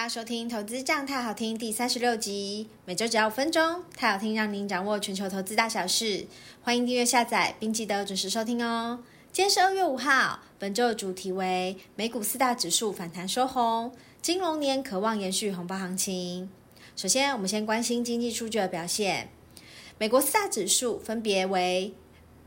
大家收聽《投資！這樣，泰好聽》第三十六集，每週只要五分鐘，太好聽，讓您掌握全球投資大小事。歡迎訂閱下載，並記得準時收聽哦。今天是二月五號，本週的主題為美股四大指數反彈收紅，金龍年可望延續紅包行情。首先，我們先關心經濟數據的表現。美國四大指數分別為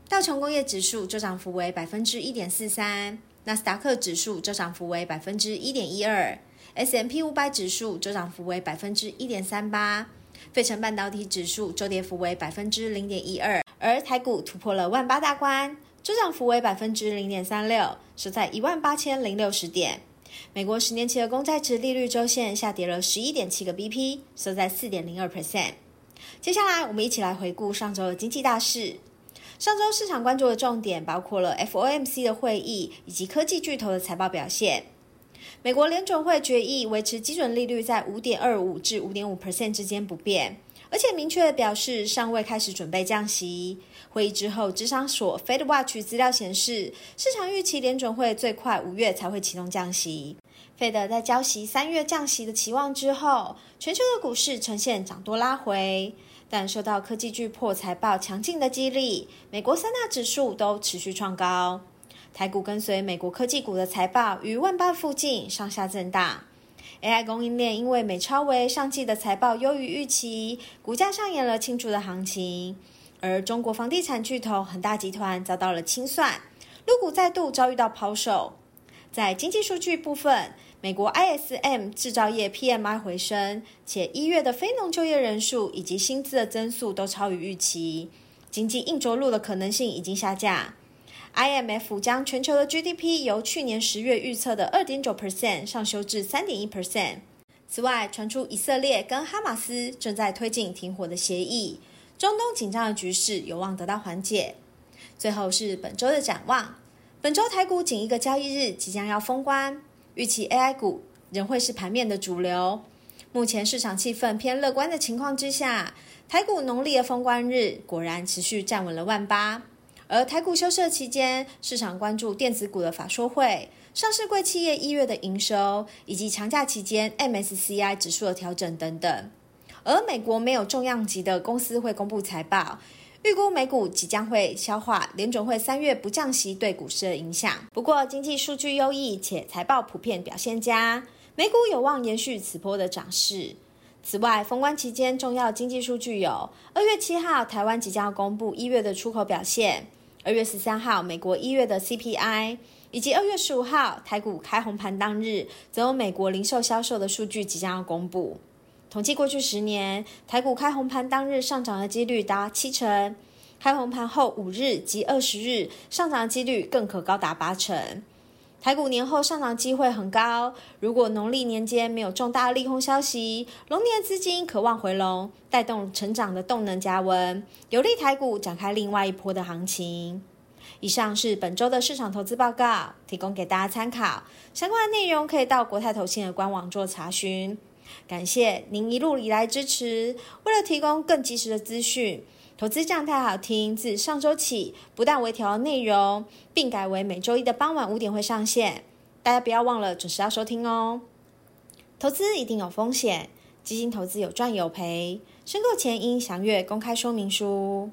道瓊工業指數週漲幅為百分之一點四三，納斯達克指數週漲幅為百分之一點一二。S&P 五百指數週漲幅為百分之一點三八，費城半導體指數週跌幅為百分之零點一二，而台股突破了萬八大關，週漲幅為百分之零點三六，收在一萬八千零六十點。美國十年期的公債殖利率週線下跌了十一點七個 B P，收在四點零二 percent。接下來，我們一起來回顧上週的經濟大事。上週市場關注的重點包括了 F O M C 的會議以及科技巨頭的財報表現。美國聯準會決議維持基準利率在五點二五至五點五 percent 之間不變，而且明確表示尚未開始準備降息。會議之後，芝商所 Fed Watch 資料顯示，市場預期聯準會最快五月才會啟動降息。Fed 在澆熄三月降息的期望之後，全球的股市呈現漲多拉回，但受到科技巨擘、財報強勁的激勵，美國三大指數都持續創高。台股跟隨美國科技股的財報，於萬八附近上下震盪。AI 供應鏈因為美超微上季的財報優於預期，股價上演了慶祝的行情。而中國房地產巨頭恆大集團遭到了清算，陸股再度遭遇到拋售。在經濟數據部分，美國 ISM 製造業 PMI 回升，且一月的非農就業人數以及薪資的增速都超於預期，經濟硬着陸的可能性已經下降。IMF 將全球的 GDP 由去年十月預測的二點九 percent 上修至三點一 percent。此外，傳出以色列跟哈馬斯正在推進停火的協議，中東緊張的局勢有望得到緩解。最後是本週的展望：本週台股僅一個交易日即將要封關，預期 AI 股仍會是盤面的主流。目前市場氣氛偏樂觀的情況之下，台股農曆的封關日果然持續站穩了萬八。而台股休市期間，市場關注電子股的法說會、上市櫃企業一月的營收，以及長假期間 MSCI 指數的調整等等。而美國沒有重量級的公司會公布財報，預估美股即將會消化聯準會三月不降息對股市的影響。不過，經濟數據優異且財報普遍表現佳，美股有望延續此波的漲勢。此外，封關期間重要經濟數據有：二月七號，台灣即將要公布一月的出口表現；二月十三號，美國一月的 CPI；以及二月十五號，台股開紅盤當日，則有美國零售銷售的數據即將要公布。統計過去十年，台股開紅盤當日上漲的幾率達七成；開紅盤後五日及二十日上漲的幾率更可高達八成。台股年後上漲機會很高，如果農曆年間沒有重大的利空消息，龍年資金可望回籠，帶動成長的動能加溫，有利台股展開另外一波的行情。以上是本週的市場投資報告，提供給大家參考。相關的內容可以到國泰投信的官網做查詢。感謝您一路以來支持。為了提供更及時的資訊，投資這樣泰好聽自上週起，不但微調內容，並改為每週一的傍晚五點會上線。大家不要忘了準時要收聽哦。投資一定有風險，基金投資有賺有賠，申購前應詳閱公開說明書。